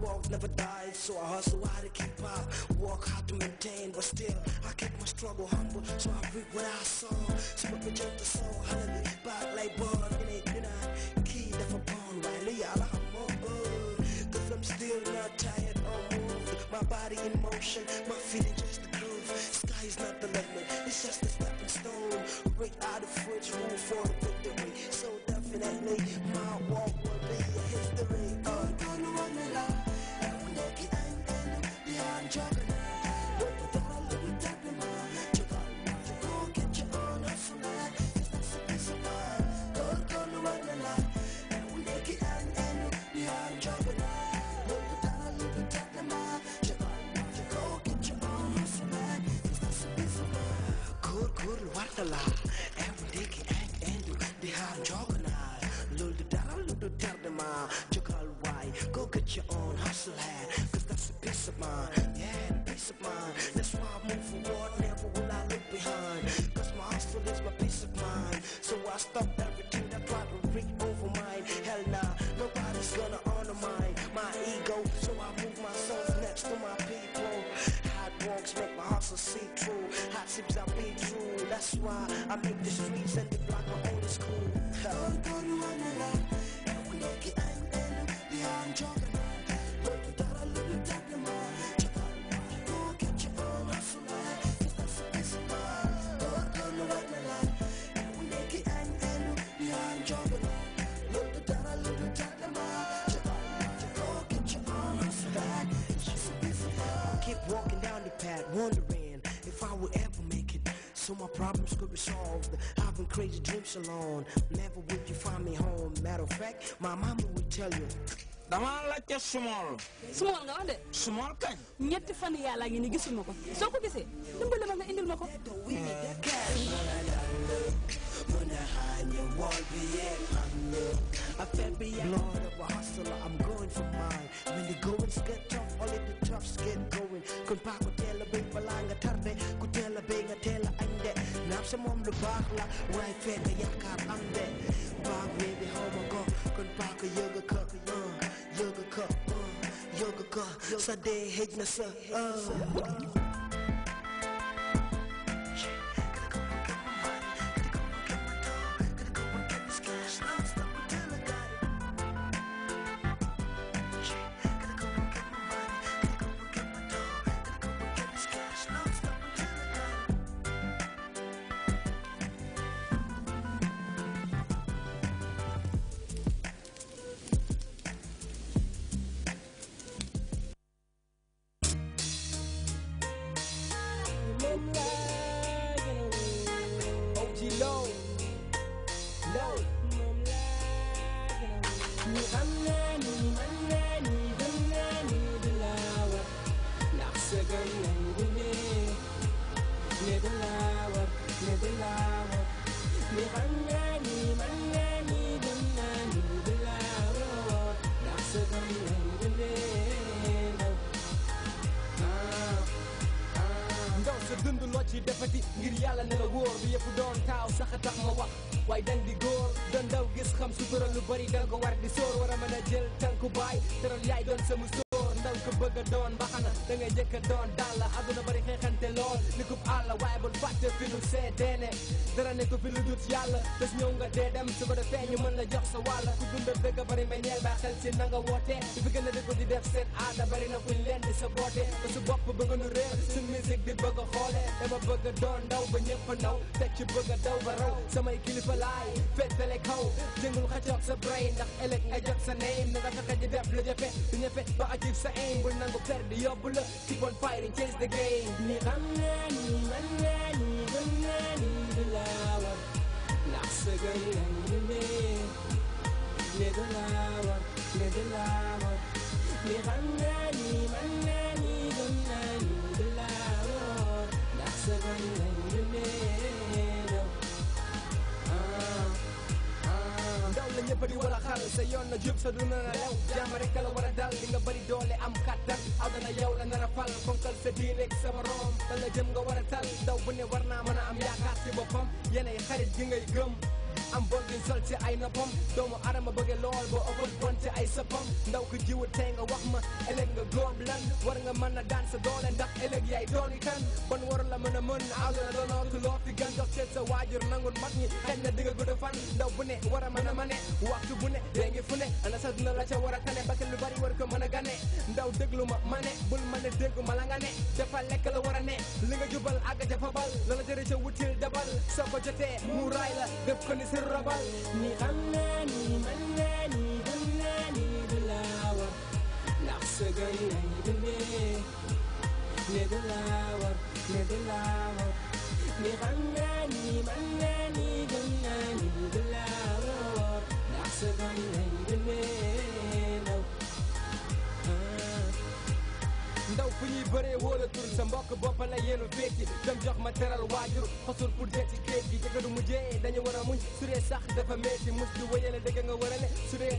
walk never died, so I hustle hard to keep up. Walk hard to maintain, but still I keep my struggle humble, so I reap what I sow. So my picture the soul, hallelujah, back like born in it, you know. Key never the Wiley, Why, like I'm on Cause I'm still not tired or moved. My body in motion, my feet in just the groove. Sky is not the limit, it's just a stepping stone. Break out of fridge, room for the Go get your own hustle hat, cause that's a peace of mind. Yeah, peace of mind. That's why I move forward, never will I look behind. Cause my hustle is my peace of mind. So I stop everything that try to reach over mine. Hell nah, nobody's gonna honor mine. My ego, so I move myself next to my people. Hot walks make my hustle see through. Hot tips I be true. That's why I make the streets and the block my own school. Hell wondering if I would ever make it. So my problems could be solved. I've been crazy dreams alone. Never would you find me home. Matter of fact, my mama would tell you. dama laajte sumool. sumool nga wax de. sumool kañ. ñetti fan yàlla ngi ni gisuma ko soo ko gisee dimbali ma nga indil ma ko. Lord of a hustler, I'm going for mine. When the goings get tough, only the toughs get going. Kon pa ko tela be balanga tarde, ko tela be nga tela ande. Nap sa mom lu baax la, way fe nga yakar am de. Bag baby, how I go? kon paaka yënga ka yënga ka yënga ka sa dee xëj na sa نغنى نغنى نغنى نبلاوة نعسى غنى نغنى نبلاوة نبلاوة نغنى نغنى نغنى نبلاوة نعسى غنى نغنى Dans ce dundalo ci defati ngir yàlla ne la wóor lu yëpp doon taaw sax tax ma wax waaye dan di góor doon daw gis xam sutura lu bari danga ko war di sóor war a mën a jël tànku baay teral yaay doon sama ko bëgg a doon mbaxana da ngay jëkk a doon dàlla àdduna bari xeexante lool ni kub àlla waaye bul fàtte fi nu seedeene dara ne ko fi lu dut yàlla bés ñëw nga dee dem su ko defee ñu mën la jox sa wàlla ku dunda dëgg bari ba xel si na nga wootee su fi gën a di ko di def bari na kuñ leen di sa boote ba su bopp ba nga nu réer su musique bi bëgg a xoole dama bëgg a doon ndaw ba ñëpp a naw teg ci bëgg a daw ba raw samay kilifa laay féetale kaw jëngul sa brain na nga fexe di def lu jafe du ba acib sa game bul nangu perdre yóbbu la keep on fighting change the game ni xam naa ni man naa ni gëm naa ni du laa war ndax sëgal lañ demee ne du laa war ne du laa war ni xam naa ni man naa ni gëm naa ni du laa war ndax sëgal lañ demee ah, ah. ndaw la ñëpp di war a xaar sa yoon na jub sa dund na lew jàmm rek la war te na yow la nar a fal fonkal sa diineeg sa borom te la jëm nga war a tal daw bu ne war naa mën a am yaakaar si boppam yeneen xarit gi ngay gëm am bon di salte ay noppam doomu adama bëgg lool boo ëppal bonte ay sëppam ndaw ko jiwa tey nga wax ma ëllëg nga góob lan war nga mën a daan sa doole ndax ëllëg yaay dooni kan bon war la mën a mën awlana doonootu loo fi gan seet sa waajur nangul mag ñi xëy na digga gudd ndaw bu ne war a mën a mane waxtu bu ne dée ngi fu ne ana sa ca war a tane bakkan lu bari war ko mën a gane ndaw déglu ma ma ne bul ma ne déggu ma la a الرباط ني غناني مناني دلاني بالهوى العقص قلنا يدليه ني بالهوى ني بالهوى ني غناني مناني دلاني بالهوى yéen a fékki dem jox ma teral waajur xosul pour dee ci géej gi jëkkëru mu jee dañu war a muñ su dee sax dafa metti mus di wéyale dëgg nga war a ne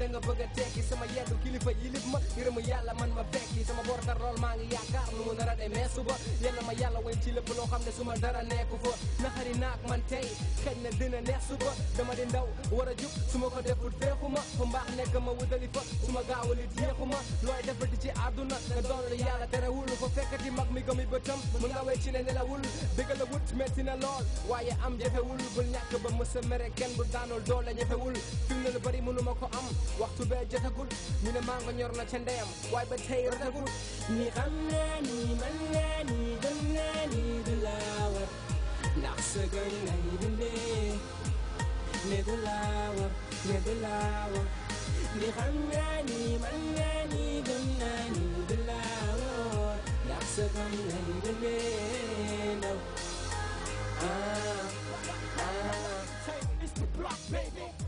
da nga bëgg tekki sama yeddu kilifa yilif ma ngërëmu yàlla man ma fekki sama bor dara lool maa ngi yaakaar nu mu nar a demee suba yàlla ma yàlla way ci lépp loo xam ne su ma dara nekku fa naxari naak man tey xëy na dina neex suba dama di ndaw war a jub ko deful feexu fu mbaax nekk ma wutali fa su ma gaawalit yeexu defati ci àdduna nga doon lu yàlla terewul fa fekkati mag mi gëmi bëtam mu nga direction and la wul dëgg la wut metti na lool waaye am jafewul bul ñàkk ba mësa mere kenn bu daanul doole jafewul fi mu ne lu bari mënuma ko am waxtu bee jotagul ñu ne maa nga ñor na ca ndeyam waaye ba tey rotagul ni xam naa ni mën naa ni gëm naa ni du laa war ndax sa gëm naa ni dundee ne du laa war ne du laa war ni xam naa ni mën naa ni gëm naa It's ah, ah. the block, baby.